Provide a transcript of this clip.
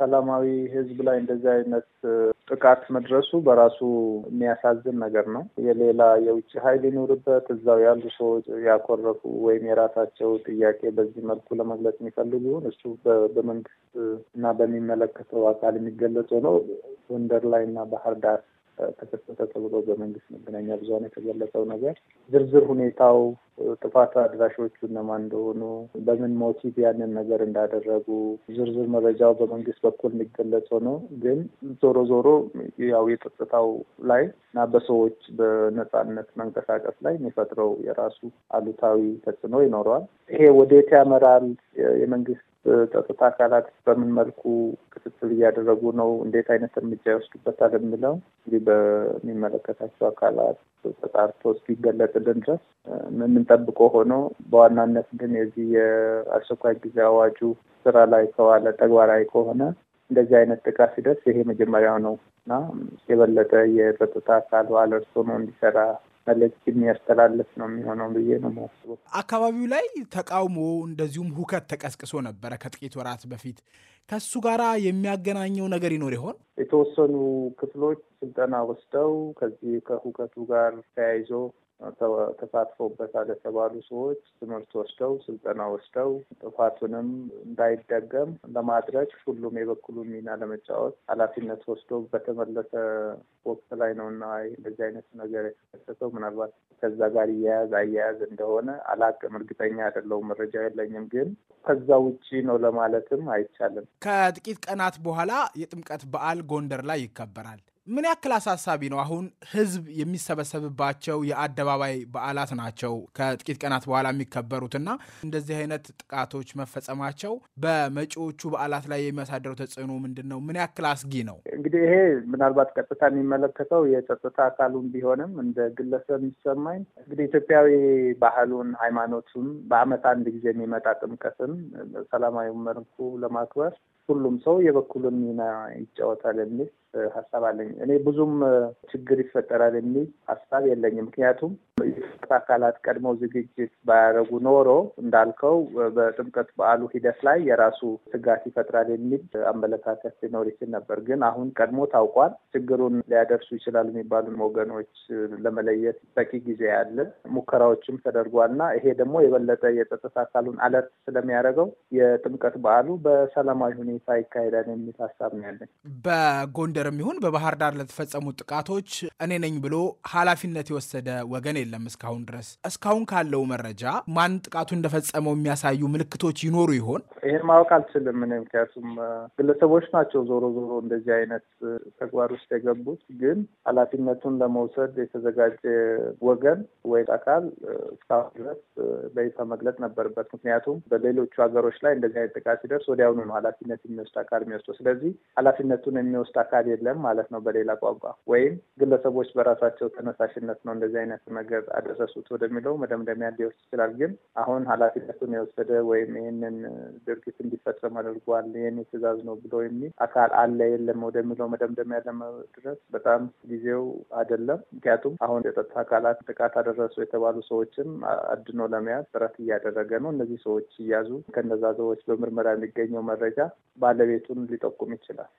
ሰላማዊ ህዝብ ላይ እንደዚህ አይነት ጥቃት መድረሱ በራሱ የሚያሳዝን ነገር ነው። የሌላ የውጭ ኃይል ይኑርበት እዛው ያሉ ሰዎች ያኮረፉ ወይም የራሳቸው ጥያቄ በዚህ መልኩ ለመግለጽ የሚፈልጉ ይሁን እሱ በመንግስት እና በሚመለከተው አካል የሚገለጸው ነው። ጎንደር ላይ እና ባህር ዳር ተከሰተ ተብሎ በመንግስት መገናኛ ብዙን የተገለጸው ነገር ዝርዝር ሁኔታው ጥፋት አድራሾቹ እነማን እንደሆኑ በምን ሞቲቭ ያንን ነገር እንዳደረጉ ዝርዝር መረጃው በመንግስት በኩል የሚገለጸው ነው። ግን ዞሮ ዞሮ ያው የጸጥታው ላይ እና በሰዎች በነጻነት መንቀሳቀስ ላይ የሚፈጥረው የራሱ አሉታዊ ተጽዕኖ ይኖረዋል። ይሄ ወዴት ያመራል? የመንግስት ጸጥታ አካላት በምን መልኩ ክትትል እያደረጉ ነው? እንዴት አይነት እርምጃ ይወስዱበታል? የሚለው እንግዲህ በሚመለከታቸው አካላት ተጣርቶ እስኪገለጽልን ድረስ ምን ጠብቆ ሆኖ በዋናነት ግን የዚህ የአስቸኳይ ጊዜ አዋጁ ስራ ላይ ከዋለ ተግባራዊ ከሆነ እንደዚህ አይነት ጥቃት ሲደርስ ይሄ መጀመሪያው ነው እና የበለጠ የጸጥታ አካል አለርሶ ነው እንዲሰራ መልእክት የሚያስተላልፍ ነው የሚሆነው ብዬ ነው የማስበው። አካባቢው ላይ ተቃውሞ እንደዚሁም ሁከት ተቀስቅሶ ነበረ ከጥቂት ወራት በፊት ከሱ ጋራ የሚያገናኘው ነገር ይኖር ይሆን? የተወሰኑ ክፍሎች ስልጠና ወስደው ከዚህ ከሁከቱ ጋር ተያይዞ ተሳትፎበታል የተባሉ ሰዎች ትምህርት ወስደው ስልጠና ወስደው ጥፋቱንም እንዳይደገም ለማድረግ ሁሉም የበኩሉን ሚና ለመጫወት ኃላፊነት ወስዶ በተመለሰ ወቅት ላይ ነው እና እንደዚህ አይነት ነገር የተከሰተው ምናልባት ከዛ ጋር እያያዝ አያያዝ እንደሆነ አላቅም፣ እርግጠኛ አይደለሁም፣ መረጃ የለኝም። ግን ከዛ ውጪ ነው ለማለትም አይቻልም። ከጥቂት ቀናት በኋላ የጥምቀት በዓል ጎንደር ላይ ይከበራል። ምን ያክል አሳሳቢ ነው? አሁን ህዝብ የሚሰበሰብባቸው የአደባባይ በዓላት ናቸው ከጥቂት ቀናት በኋላ የሚከበሩትና እንደዚህ አይነት ጥቃቶች መፈጸማቸው በመጪዎቹ በዓላት ላይ የሚያሳደረው ተጽዕኖ ምንድን ነው? ምን ያክል አስጊ ነው? እንግዲህ ይሄ ምናልባት ቀጥታ የሚመለከተው የጸጥታ አካሉን ቢሆንም እንደ ግለሰብ የሚሰማኝ እንግዲህ ኢትዮጵያዊ ባህሉን፣ ሃይማኖቱን በዓመት አንድ ጊዜ የሚመጣ ጥምቀትን ሰላማዊ መልኩ ለማክበር ሁሉም ሰው የበኩሉን ሚና ይጫወታል የሚል ሀሳብ አለኝ። እኔ ብዙም ችግር ይፈጠራል የሚል ሀሳብ የለኝም። ምክንያቱም የመንግስት አካላት ቀድሞ ዝግጅት ባያደረጉ ኖሮ እንዳልከው በጥምቀት በዓሉ ሂደት ላይ የራሱ ስጋት ይፈጥራል የሚል አመለካከት ሊኖር ይችል ነበር። ግን አሁን ቀድሞ ታውቋል። ችግሩን ሊያደርሱ ይችላሉ የሚባሉን ወገኖች ለመለየት በቂ ጊዜ ያለ ሙከራዎችም ተደርጓል እና ይሄ ደግሞ የበለጠ የጸጥታ አካሉን አለርት ስለሚያደርገው የጥምቀት በዓሉ በሰላማዊ ሁኔታ ይካሄዳል የሚል ሀሳብ ነው ያለኝ። በጎንደርም ይሁን በባህር ዳር ለተፈጸሙ ጥቃቶች እኔ ነኝ ብሎ ኃላፊነት የወሰደ ወገን የለም እስካሁን እስካሁን ድረስ? እስካሁን ካለው መረጃ ማን ጥቃቱ እንደፈጸመው የሚያሳዩ ምልክቶች ይኖሩ ይሆን? ይህን ማወቅ አልችልም። ምን ምክንያቱም ግለሰቦች ናቸው ዞሮ ዞሮ እንደዚህ አይነት ተግባር ውስጥ የገቡት። ግን ኃላፊነቱን ለመውሰድ የተዘጋጀ ወገን ወይ አካል እስካሁን ድረስ በይፋ መግለጽ ነበርበት። ምክንያቱም በሌሎቹ ሀገሮች ላይ እንደዚህ አይነት ጥቃት ሲደርስ ወዲያውኑ ነው ኃላፊነት የሚወስድ አካል የሚወስደው። ስለዚህ ኃላፊነቱን የሚወስድ አካል የለም ማለት ነው በሌላ ቋንቋ ወይም ግለሰቦች በራሳቸው ተነሳሽነት ነው እንደዚህ አይነት ነገር አደረሰ ደረሱት ወደሚለው መደምደሚያ ሊወስድ ይችላል። ግን አሁን ኃላፊነቱን የወሰደ ወይም ይህንን ድርጊት እንዲፈጸም አድርጓል የኔ ትዕዛዝ ነው ብሎ የሚል አካል አለ የለም ወደሚለው መደምደሚያ ለመድረስ በጣም ጊዜው አይደለም። ምክንያቱም አሁን የጸጥታ አካላት ጥቃት አደረሱ የተባሉ ሰዎችም አድኖ ለመያዝ ጥረት እያደረገ ነው። እነዚህ ሰዎች እያዙ ከነዛ ሰዎች በምርመራ የሚገኘው መረጃ ባለቤቱን ሊጠቁም ይችላል።